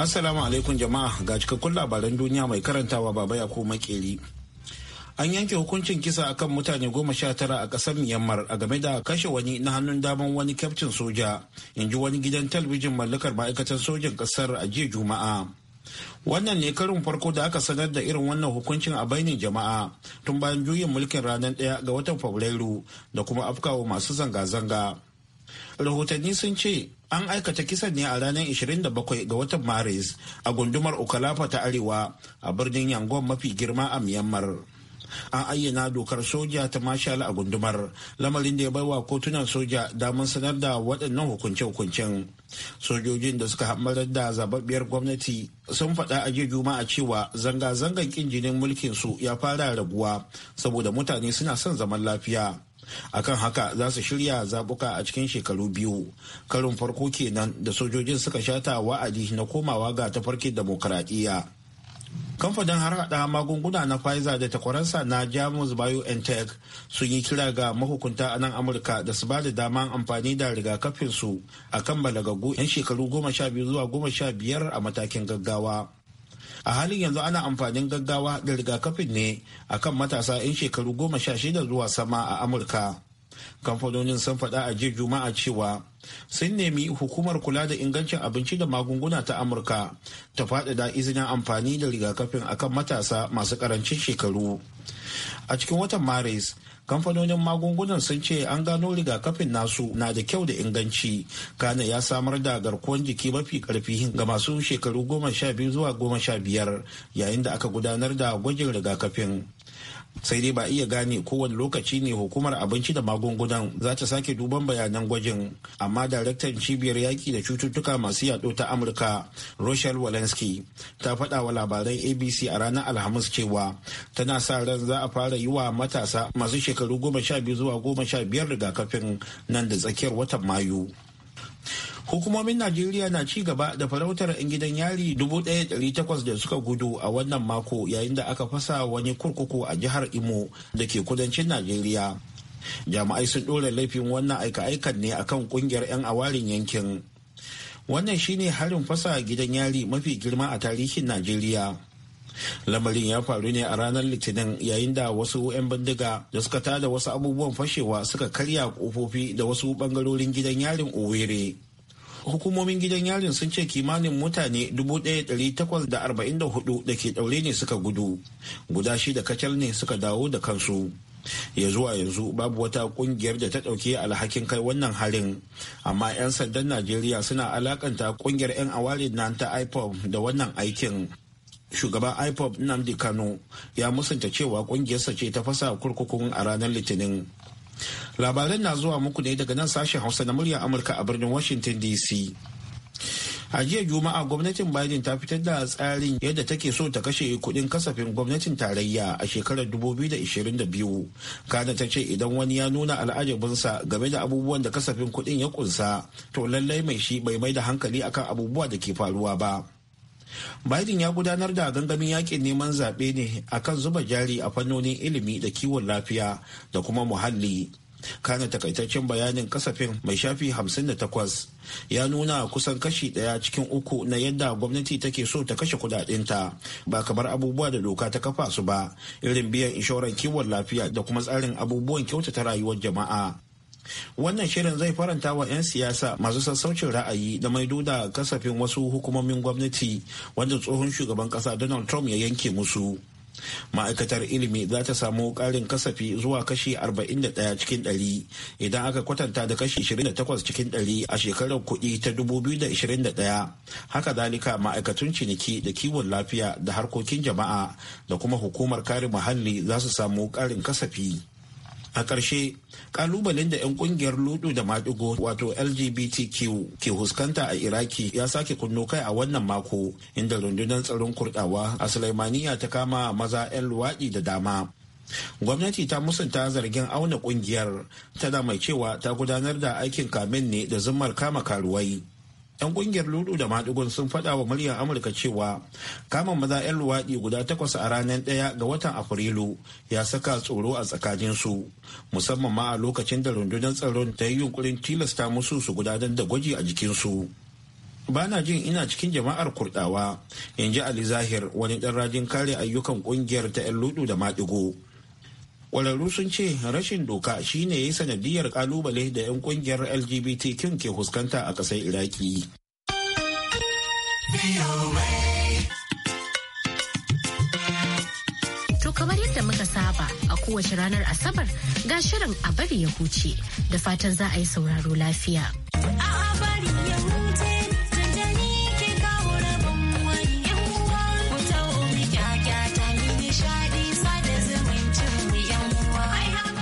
Assalamu alaikum jama'a ga cikakkun labaran duniya mai karantawa baba ya ko makeri. An yanke hukuncin kisa akan mutane goma sha tara a ƙasar Myanmar a game da kashe wani na hannun daman wani kyaftin soja, in ji wani gidan talabijin mallakar ma'aikatan sojan ƙasar a jiya Juma'a. Wannan ne karin farko da aka sanar da irin wannan hukuncin a bainin jama'a tun bayan juyin mulkin ranar ɗaya ga watan Fabrairu da kuma afkawa masu zanga-zanga. Rahotanni sun ce an aikata kisan ne a ranar 27 ga watan maris a gundumar okalafa ta arewa a birnin yangon mafi girma a myanmar an ayyana dokar soja ta mashal a gundumar lamarin da ya baiwa kotunan soja damar sanar da waɗannan hukunce-hukuncen sojojin da suka hamarar da zababbiyar gwamnati sun faɗa a jiya juma'a cewa zanga-zangar kin jinin mulkin su ya fara raguwa saboda mutane suna son zaman lafiya akan haka za su shirya zabuka a cikin shekaru biyu karin farko kenan da sojojin suka shata wa'adi na komawa ga tafarki demokaradiyya kamfanin harhaɗa magunguna na pfizer da takwaransa na jamus biontech sun yi kira ga mahukunta a nan amurka da su ba da dama amfani da rigakafinsu a kan balagagu 'yan shekaru goma sha biyu zuwa goma sha biyar a matakin gaggawa a halin yanzu ana amfanin gaggawa da rigakafin ne akan matasa 'yan shekaru goma sha shida zuwa sama a amurka kamfanonin sun faɗa a jiya juma'a cewa sun nemi hukumar kula da ingancin abinci da magunguna ta amurka ta faɗaɗa izinin amfani da rigakafin akan matasa masu ƙarancin shekaru a cikin watan maris kamfanonin magungunan sun ce an gano rigakafin nasu na da kyau da inganci kana ya samar da garkuwar jiki mafi karfi ga masu shekaru goma sha biyu zuwa goma sha biyar yayin da aka gudanar da gwajin rigakafin sai dai ba iya gane kowane lokaci ne hukumar abinci da magungunan za ta sake duban bayanan gwajin amma daraktan cibiyar yaki da cututtuka masu yaɗo ta amurka rochelle walensky ta faɗa wa labaran abc a ranar alhamis cewa tana sa ran za a fara yi wa matasa masu shekaru goma sha biyu zuwa goma sha biyar rigakafin nan da tsakiyar watan mayu hukumomin najeriya na ci gaba da farautar 'yan gidan yari 1,800 da suka gudu a wannan mako yayin da aka fasa wani kurkuku a jihar imo da ke kudancin najeriya jami'ai sun ɗora laifin wannan aika-aikan ne a kan kungiyar 'yan awarin yankin wannan shine harin fasa gidan yari mafi girma a tarihin najeriya lamarin ya faru ne a ranar litinin yayin da wasu 'yan bindiga da suka tada wasu abubuwan fashewa suka karya kofofi da wasu bangarorin gidan yarin owere hukumomin gidan yarin sun ce kimanin mutane 1844 da ke daure ne suka gudu guda shida kacal ne suka dawo da kansu ya zuwa yanzu babu wata kungiyar da ta ɗauki alhakin kai wannan harin amma 'yan sandan najeriya suna alakanta kungiyar 'yan aware na ta ipob da wannan aikin shugaban ipob nnamdi kano ya musanta cewa kungiyarsa ce ta fasa kurkukun a ranar litinin labaran na zuwa muku ne daga nan sashen hausa na murya amurka a birnin washington dc a jiya juma'a gwamnatin biden ta fitar da tsarin yadda take so ta kashe kudin kasafin gwamnatin tarayya a shekarar 2022 kana ta ce idan wani ya nuna al'ajabinsa game da abubuwan da kasafin kudin ya kunsa to lallai mai shi bai mai da hankali akan abubuwa da ke faruwa ba Biden ya gudanar da gangamin yakin neman zaɓe ne a kan zuba jari a fannonin ilimi da kiwon lafiya da kuma muhalli. Kana takaitaccen bayanin kasafin mai shafi 58 ya nuna kusan kashi ɗaya cikin uku na yadda gwamnati take so ta kashe kudadinta ba kamar abubuwa da doka ta kafa su ba irin biyan inshorar kiwon lafiya da kuma tsarin abubuwan kyautata rayuwar jama'a. wannan shirin zai faranta wa 'yan siyasa masu sassaucin ra'ayi da maido da kasafin wasu hukumomin gwamnati wanda tsohon shugaban kasa donald trump ya yanke musu ma'aikatar ilimi za ta samu karin kasafi zuwa kashi 41 cikin 100 idan aka kwatanta da kashi 28 cikin 100 a shekarar kuɗi ta 2021 haka zalika ma'aikatun ciniki da kiwon lafiya da harkokin jama'a da kuma hukumar kare muhalli za su samu ƙarin kasafi a ƙarshe ƙalubalen da 'yan ƙungiyar ludu da maɗigo wato lgbtq ke huskanta a iraki ya sake kunno kai a wannan mako inda rundunar tsaron kurɗawa a sulaimaniya ta kama maza 'yan luwaɗi da dama gwamnati ta musanta zargin auna ƙungiyar tana mai cewa ta gudanar da aikin kamin ne da zumar kama karuwai 'yan kungiyar ludu da madugun sun faɗa wa muryar amurka cewa kama maza 'yan luwaɗi guda takwas a ranar ɗaya ga watan afrilu ya saka tsoro a tsakaninsu musamman ma a lokacin da rundunar tsaron ta yi yunkurin tilasta musu su gudanar da gwaji a jikinsu bana jin ina cikin jama'ar kurdawa in ji ali zahir wani ɗan rajin kare ayyukan kungiyar ta 'yan ludu da maɗigo kwararru sun ce rashin doka shine ya yi sanadiyar kalubale da 'yan kungiyar lgbtq ke fuskanta a ƙasar iraki to kamar yadda muka saba a kowace ranar asabar ga shirin a bari ya huce da fatan za a yi sauraro lafiya a bari ya huce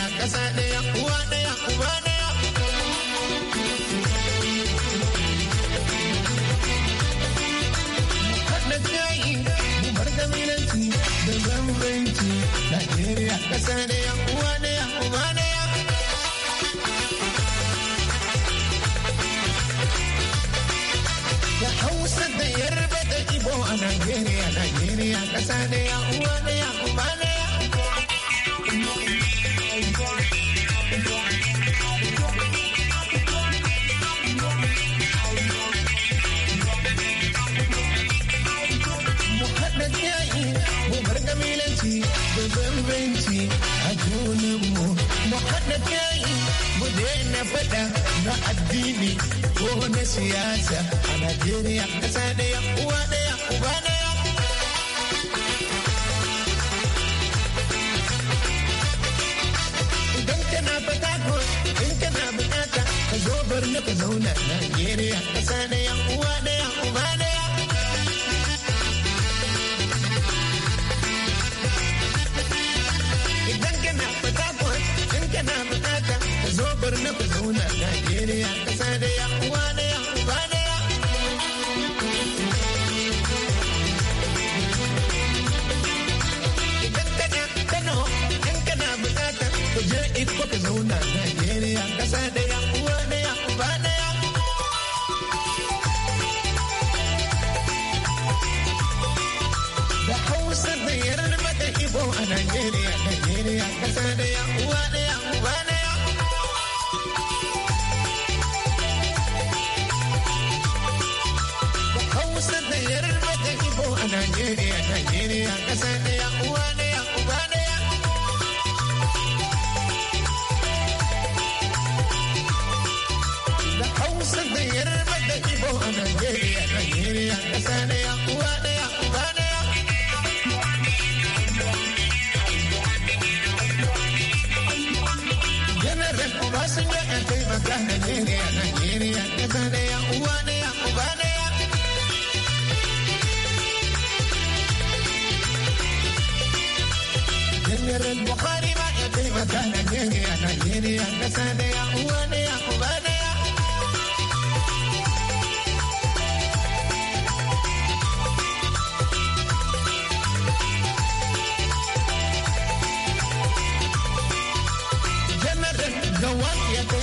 Najeriya kasa ɗaya uwa ɗaya uba ɗaya. Haɗa jayi mu bar kabilanci da bambanci Najeriya ƙasa ɗaya uwa ɗaya uba ɗaya. Da Hausa da Yarba da Ibo a Najeriya, Najeriya ƙasa ɗaya uwa ɗaya uba ɗaya. addini ko na siyasa a Najeriya kasa daya uwa daya uba daya. Idan kana fata ko idan kana bukata ka zo bar na ka zauna Najeriya kasa daya uwa daya uba daya. murna ku zauna Najeriya ƙasa da yawa.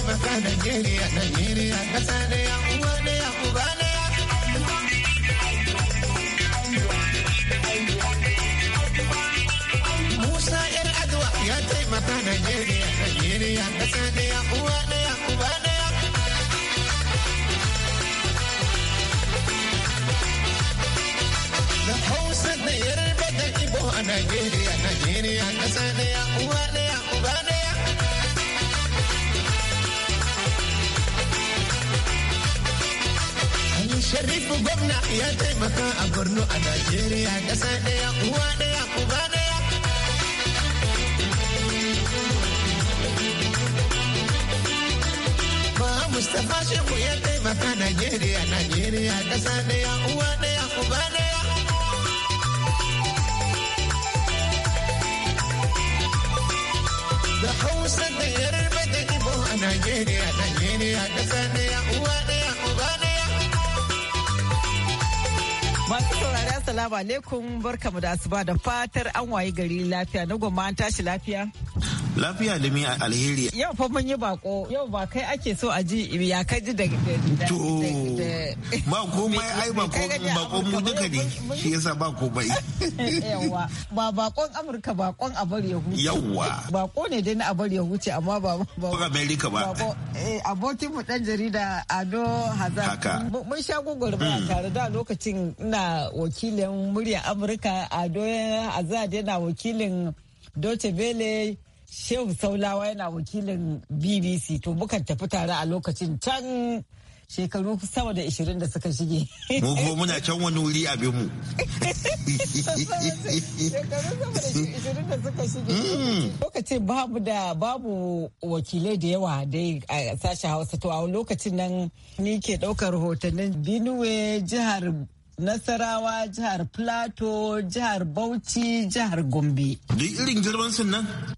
ƙasa Najeriya, Najeriya, ƙasa da ya uwa da ya uba da Sharifu gwamna ya taimaka a Borno a Najeriya ƙasa ɗaya uwa ɗaya uba ɗaya. Mustapha Shehu ya taimaka Najeriya, Najeriya ƙasa ɗaya uwa ɗaya uba ɗaya. Da Hausa da Yarba da Ibo a Najeriya, Najeriya ƙasa ɗaya uwa ɗaya. Masu saurari Assalamu alaikum barkamu da asuba da fatar an wayi gari lafiya na goma an tashi lafiya. lafiya da mi alheri yau fa mun yi bako yau ba kai ake so a ji ya ka ji da to ba komai ai ba ko mu duka ne shi yasa ba komai yawa ba bakon amurka bakon abar yahuci yawa bako ne dai na abar yahuci amma ba ba Amerika ba eh, abokin mu dan jarida ado hazard mun sha gugurba hmm. tare da lokacin ina wakilin muryar amurka ado hazard yana wakilin dote bele. Shehu Saulawa yana wakilin BBC to bukan tafi tare a lokacin can shekaru sama da 20 da suka shige. Mu ko muna can wani wuri abin mu. Shekaru sama da 20 da suka shige. Lokacin hmm. babu da babu wakilai da yawa dai a sashen Hausa to a lokacin nan ni ke ɗaukar hotonin Benue jihar Nasarawa, jihar Plateau, jihar Bauchi, jihar Gombe. Duk irin girman sun nan?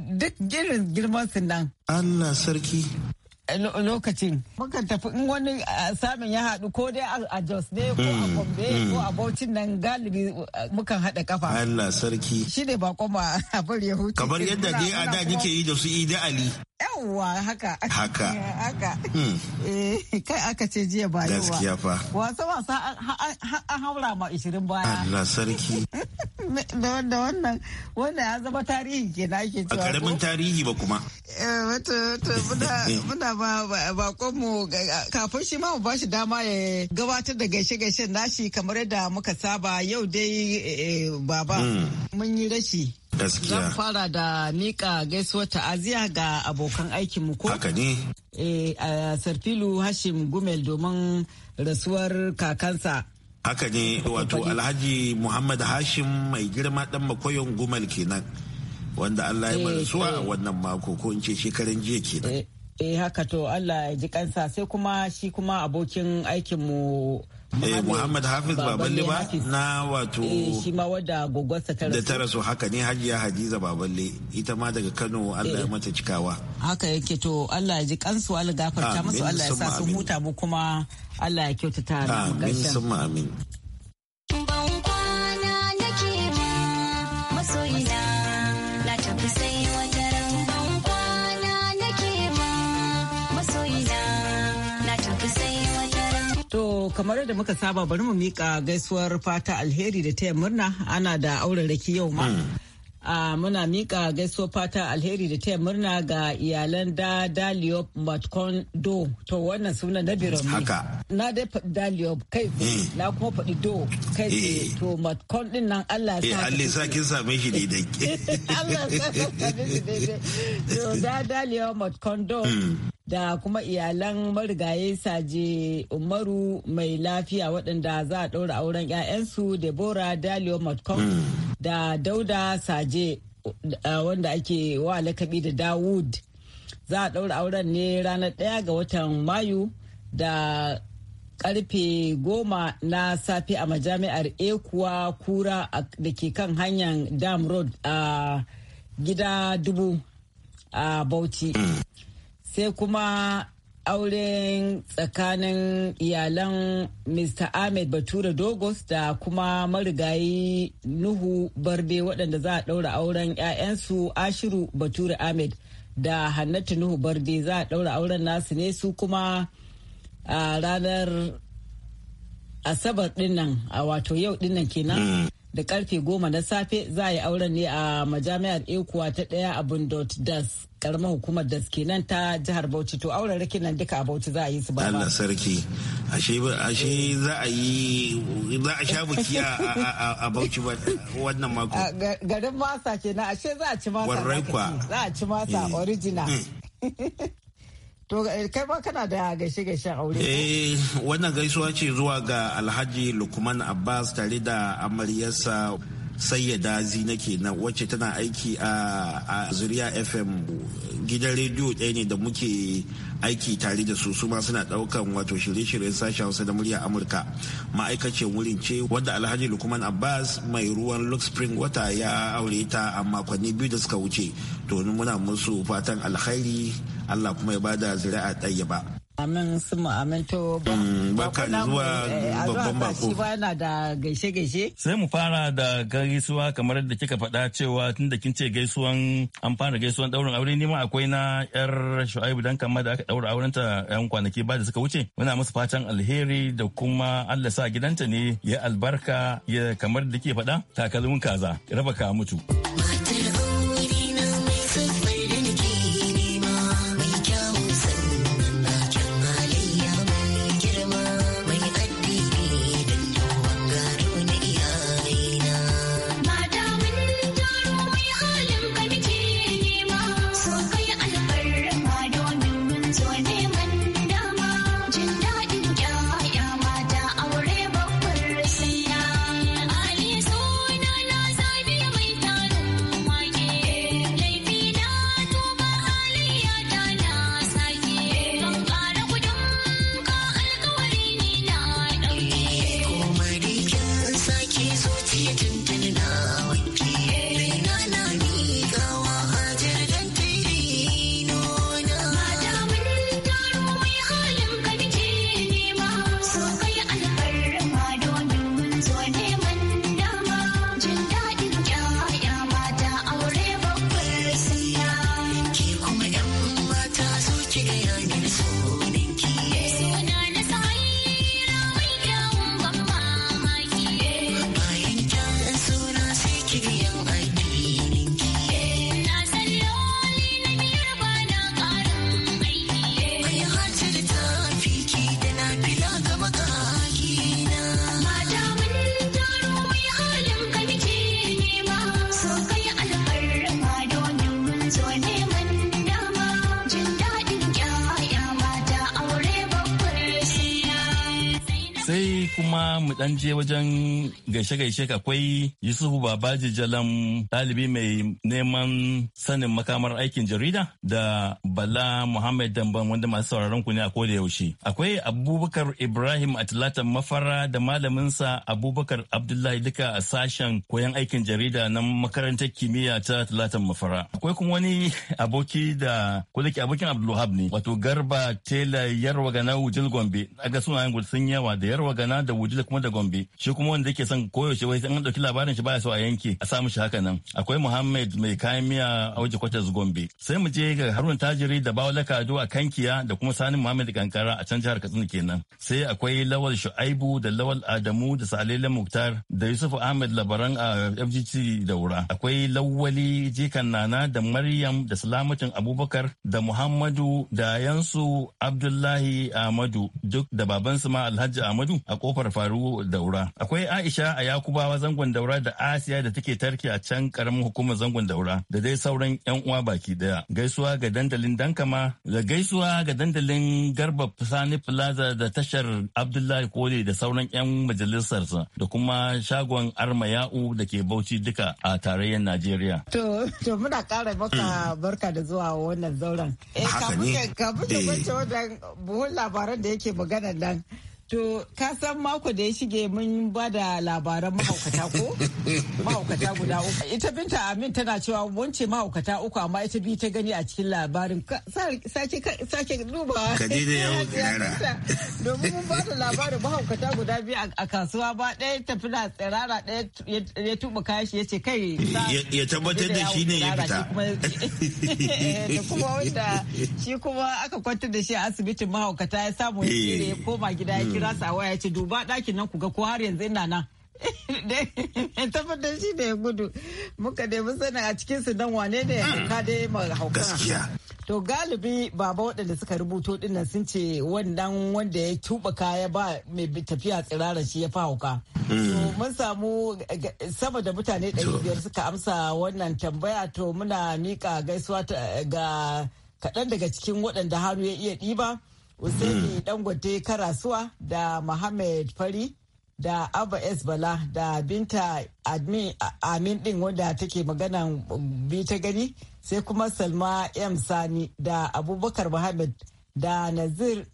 duk girin girman su nan. Allah sarki. lokacin muka tafi in wani samun ya haɗu ko dai a Jos ne ko a mm, Gombe mm. ko a Bauchi nan galibi uh, mukan haɗa kafa. Allah sarki. Shi ne bakon ma a bar ya huce. Kamar yadda dai a da nike yi da su Ida Ali. yawwa haka haka haka hmm. eh, kai aka ce jiya ba yawa gaskiya fa wasa wasa an haura ma 20 baya Allah sarki da wanda wannan wanda ya zama tarihi ke na ake cewa a karamin tarihi ba kuma eh, wato muna ba ba mu kafin shi ma mu bashi dama ya gabatar da gaishe gaishe nashi kamar yadda muka saba yau dai eh, baba hmm. mun yi rashi gaskiya zan fara da mika gaisuwar ta'aziya ga abokan aikin mu ko haka ne eh uh, sarfilu hashim gumel domin rasuwar kakansa haka ne wato alhaji muhammad hashim mai girma dan makoyon gumel kenan wanda allah ya eh, rasuwa a eh. wannan mako ko in ce shekaran jiya kenan eh, eh haka to allah ya ji kansa sai kuma shi kuma abokin aikinmu eh Muhammad Hafiz Baballe ba na wato eh, shi ma wadda gogwarsa ta da tara su haka ne Hajiya Hadiza Baballe ita ma daga Kano Allah ya eh. mata cikawa haka yake to Allah ya ji kansu Allah gafarta musu Allah ya sa su huta mu kuma Allah ya kyautata mu amin summa amin kamar yadda muka saba bari mu mika gaisuwar fata alheri da taya murna ana da raki yau ma. Uh, muna mika gaisuwar fata alheri da taya murna ga iyalan da Daliop matkondo Do to wannan suna na biron Haka. Na dai faɗi Daliop kai hmm. na kuma faɗi Do kai eh. to Matkon din nan Allah ya sa. Eh, Allah sa kin same shi daidai. Allah sa kin same shi daidai. To da Daliop matkondo Do hmm. da kuma iyalan marigaye saje umaru mai lafiya waɗanda za a ɗaura auren 'ya'yansu debora dalio matcom mm. da dauda saje wanda ake wa lakabi da dawud za a ɗaura auren ne ranar ɗaya ga watan mayu da karfe goma na safe a majami'ar ekuwa kura da ke kan hanyar dam road a gida dubu a bauchi mm. sai kuma auren tsakanin iyalan mr ahmed bature dogos da kuma marigayi nuhu barbe waɗanda za a ɗaura auren 'ya'yansu ashiru bature ahmed da hannatu nuhu barbe za a ɗaura auren nasu ne su kuma a ranar asabar dinnan a wato yau dinnan kenan mm. da karfe goma na safe za a yi auren ne a majami'ar ekuwa ta daya a bundot das karamar hukumar das kenan ta jihar bauchi to auren rikin nan duka a bauchi za a yi su ba Allah sarki ashe ashe za a yi za a sha biki a bauchi wannan mako garin masa kenan ashe za a ci masa za a ci masa eh. original hmm. To eh, kai ma kana da gaishe gaishe aure. Eh wannan gaisuwa ce zuwa ga Alhaji Lukman Abbas tare da amaryarsa sai sayyada nake na wacce tana aiki a zuriya fm gidan rediyo ɗaya ne da muke aiki tare da su ma suna ɗaukan wato shirye-shiryen sashen hausa da murya amurka ma'aikaciyar wurin ce wanda alhaji lukman abbas mai ruwan lux spring wata ya aure ta a makonni biyu da suka wuce domin muna musu fatan alkhairi allah kuma ya bada zuri'a ɗaya ba Amin su aminto baka mm, da zuwa eh, babban bako. ba na da gaishe-gaishe. Sai mu fara da gaisuwa kamar da kika faɗa cewa tun da kin ce gaisuwan an fara gaisuwan ɗaurin aure ne ma akwai na yar Shu'aibu dan kama da aka ɗaura auren ta yan kwanaki ba da suka wuce. Muna musu fatan alheri da kuma Allah sa gidanta ne ya albarka ya kamar da kike faɗa takalmin kaza raba ka mutu. Matar an je wajen gaishe-gaishe akwai Yusufu Babaji Jalam ɗalibi mai neman sanin makamar aikin jarida da Bala Muhammad Damban wanda masu sauraron ku ne a koda yaushe. Akwai Abubakar Ibrahim Atlatan Mafara da malaminsa Abubakar Abdullahi duka a sashen koyon aikin jarida na makarantar kimiyya ta Atlatan Mafara. Akwai kuma wani aboki da kulaki abokin ne wato Garba Tela Yarwa Gana Wujil Gombe. Aga sunayen sun yawa da Yarwa Gana da Wujil kuma da Gombe shi kuma wanda yake son koyaushe wai an dauki labarin shi baya so a yanke a samu shi haka nan akwai Muhammad mai kayan miya a waje kwatas Gombe sai mu je ga Haruna Tajiri da Bawala Kado a Kankiya da kuma Sani Muhammad Kankara a can jihar Katsina kenan sai akwai Lawal Shu'aibu da Lawal Adamu da Salele Muktar da Yusuf Ahmed Labaran a FGT Daura akwai Lawali Jikan Nana da Maryam da Salamatin Abubakar da Muhammadu da yansu Abdullahi Ahmadu duk da babansu ma Alhaji Ahmadu a kofar faru daura. Akwai Aisha a Yakubawa zangon daura da Asiya da take tarki a can karamin hukumar zangon daura da dai sauran 'yan uwa baki daya. Gaisuwa ga dandalin Dankama da gaisuwa ga dandalin Garba Sani Plaza da tashar Abdullahi Kole da sauran 'yan majalisarsa da kuma shagon Arma Ya'u da ke Bauchi duka a tarayyar Najeriya. To, to muna kara maka barka da zuwa wannan zauren. Eh, kafin ka eh. wajen buhun labaran da yake magana nan. To, ka san mako da ya shige mun ba da labaran mahaukata ko? Mahaukata guda uku. Ita binta Amin tana cewa wance mahaukata uku amma ita bi ta gani a cikin labarin. Sake duba. Ka je da yawon tsirara. Domin mun ba da labarin mahaukata guda biyu a kasuwa ba ɗaya tafi na tsirara ɗaya ya tuba kaya shi ya ce kai. Ya tabbatar da shi ne ya fita. Da kuma wanda shi kuma aka kwantar da shi a asibitin mahaukata ya samu ya koma gida ya hmm. kira sa yace waya ce duba ɗakin nan ku ga ko har yanzu ina nan tabbatar shi da ya gudu muka nemi sanin a cikin su dan wane ne hmm. ka dai ma hauka gaskiya to galibi baba waɗanda suka rubuto dinnan sun ce wannan wanda ya tuba kaya ba mai tafiya tsirara shi ya fa hauka hmm. mun samu sama da mutane biyar suka amsa wannan tambaya to muna mika gaisuwa ga kaɗan daga cikin waɗanda hannu ya iya ɗiba Usaini hmm. Dangote Karasuwa da Muhammad Fari da Abba S. da Binta Amin din wanda take magana um, bi ta gani sai kuma Salma M. Sani da Abubakar Muhammad da Nazir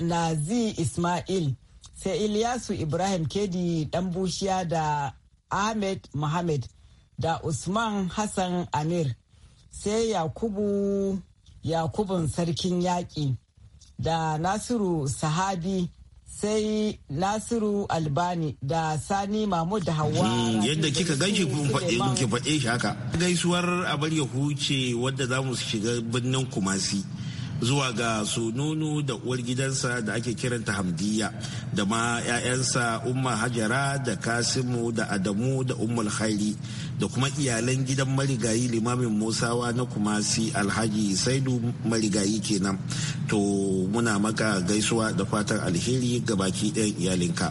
Nazi Ismail sai Ilyasu Ibrahim Kedi Bushiya da Ahmed Muhammad da Usman Hassan Amir sai Yakubu Yakubun Sarkin Yaƙi. da Nasiru Sahabi sai Nasiru Albani da Sani Mahmud da Hawa. Hmm, yadda kika ganshi kun faɗe shi haka. Gaisuwar a bar ya huce wadda za mu shiga birnin Kumasi. zuwa ga sununu da uwar gidansa da ake kiranta hamdiya da ma 'ya'yansa umma hajara da kasimu da adamu da ummul khairi da kuma iyalan gidan marigayi limamin musawa na kumasi alhaji saidu marigayi kenan to muna maka gaisuwa da fatan alheri ga baki ɗayan iyalinka.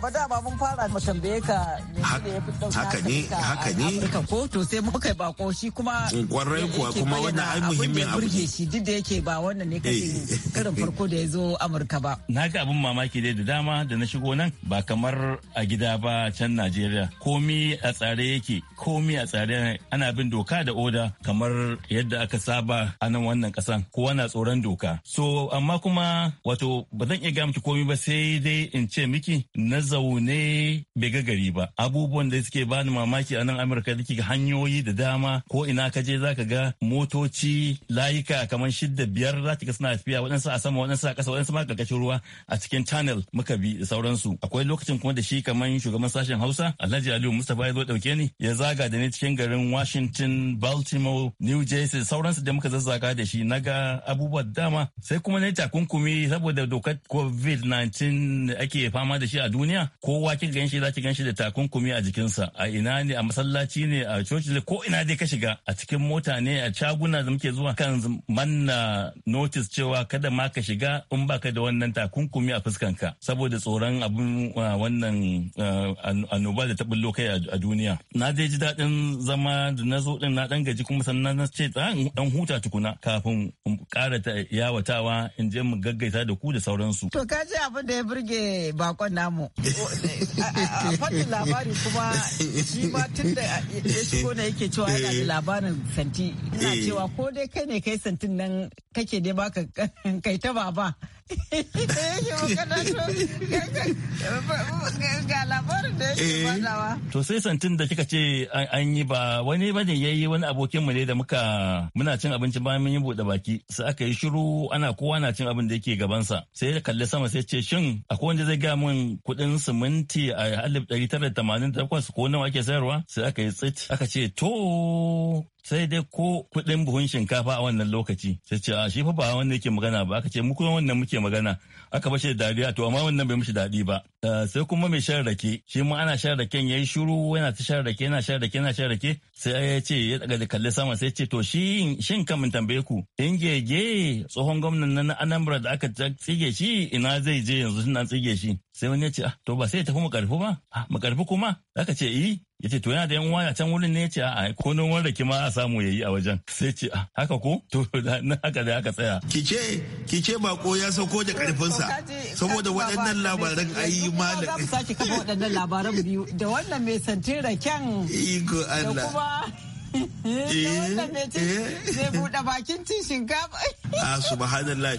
ba ba mun fara mu tambaye ka haka ne haka ne ko sai muka bako shi kuma mm, kwarai kuwa kuma wannan ai muhimmin abu ne shi duk da yake ba wannan ne kake eh. karin farko da ya zo Amurka ba na ga abin mamaki dai da dama da na shigo nan ba kamar a gida ba can Najeriya komi a tsare yake komi a tsare ana bin doka da oda kamar yadda aka saba a nan wannan kasan kowa na tsoron doka so amma kuma wato ba zan iya ga miki komi ba sai dai in ce miki na zaune bai ga gari ba abu abubuwan da suke bani mamaki a nan amurka da ga hanyoyi da dama ko ina ka je za ka ga motoci layuka kamar shidda biyar za suna tafiya waɗansu a sama waɗansu a ƙasa waɗansu ma ƙarƙashin ruwa a cikin tunnel muka bi da sauransu akwai lokacin kuma da shi kamar shugaban sashen hausa alhaji aliyu mustapha ya zo ɗauke ni ya zaga da ni cikin garin washington baltimore new jersey sauransu da muka zazzaka da shi na ga abubuwa dama sai kuma na yi takunkumi saboda dokar covid-19 ake fama da shi a duniya kowa kin ganshi za ki ganshi da takunkumi ne a jikinsa a ina ne a masallaci ne a coci ko ina dai ka shiga a cikin mota ne a caguna da muke zuwa kan manna notice cewa kada ma ka shiga in baka da wannan takunkumi a fuskan ka. saboda tsoron abin wannan annoba da ta bullo kai a duniya na dai ji daɗin zama da na zo din na dan gaji kuma sannan na ce dan huta tukuna kafin in ƙara yawatawa in je mu gaggaita da ku da sauransu to ka ji abin da ya burge bakon namu labari kuma shi ma tun da ya shigo na yake cewa yana da labarin santi ina eh. cewa ko dai kai ne kai santin nan kake dai baka kai ta baba Eh. To sai santin da kika ce an yi ba wani bane ya yi wani abokinmu ne da muka muna cin abinci bayan mun yi buɗe baki sai aka yi shiru ana kowa na cin abin da yake gabansa sai ya kalli sama sai ce shin akwai wanda zai ga min kuɗin siminti a alif ɗari tara da tamanin takwas ko nawa ake sayarwa sai aka yi tsit aka ce to sai dai ko kuɗin buhun shinkafa a wannan lokaci sai ce a shi fa ba wannan yake magana ba aka ce mu kuma wannan muke magana aka bashi da dariya to amma wannan bai mishi daɗi ba eh, sai kuma mai shan rake shi ma ana shan raken yayi shiru yana ta shan rake yana shan rake yana shan rake sai ya ce ya daga kalle sama sai ce to shi shin kan mun tambaye ku in gege tsohon gwamnan nan Anambra da aka tsige shi ina zai je yanzu an tsige shi sai wani ya ce ah, to ba sai ya tafi mu karfi ba ah, mu karfi kuma aka ce eh ya ce to yana da yan waya can wurin ne ya ce a ko wanda ki ma a samu ya yi a wajen sai ce ah, haka ko to na haka da haka tsaya ce ba ko ya sauko da karfinsa saboda waɗannan labaran ayi malam za ki kafa waɗannan labaran biyu da wannan mai santira kyan iko Allah da kuma Eh, eh, eh, zai buɗe bakin cin shinkafa. A ah, subhanallah.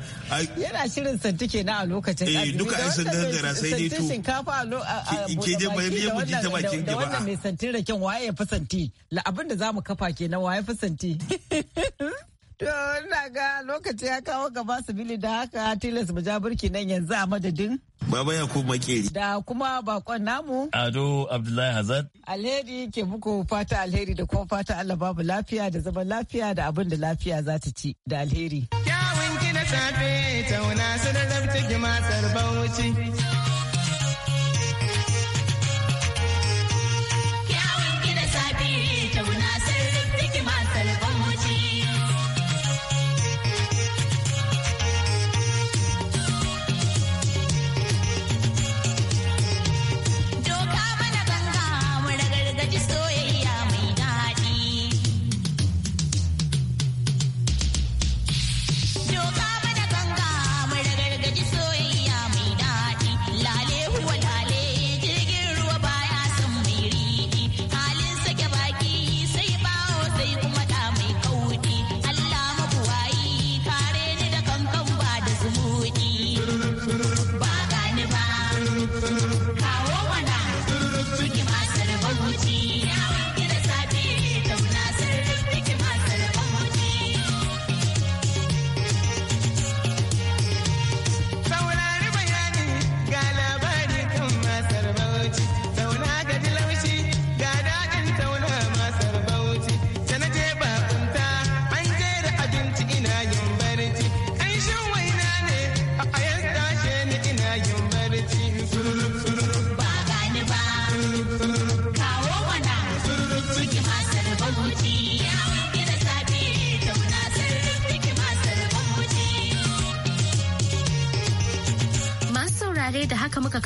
Yana shirin santi na a lokacin. Eh duka ai sun gangara sai dai to. shinkafa a buɗe je bai bakin gaba. Wannan mai santin raken waye ya fi santi. La abin da zamu kafa kenan waye fi santi. ina ga lokaci ya kawo gaba sabili da haka tilas burki nan yanzu a madadin. Baba ya kuma makeri. Da kuma bakon namu. Ado Abdullahi Hazard. Alheri ke muku fata alheri da kuma fata Allah babu lafiya da zaman lafiya da abin da lafiya za ta ci da alheri. Kyawun gina safe tauna su da zabta matsar bauchi.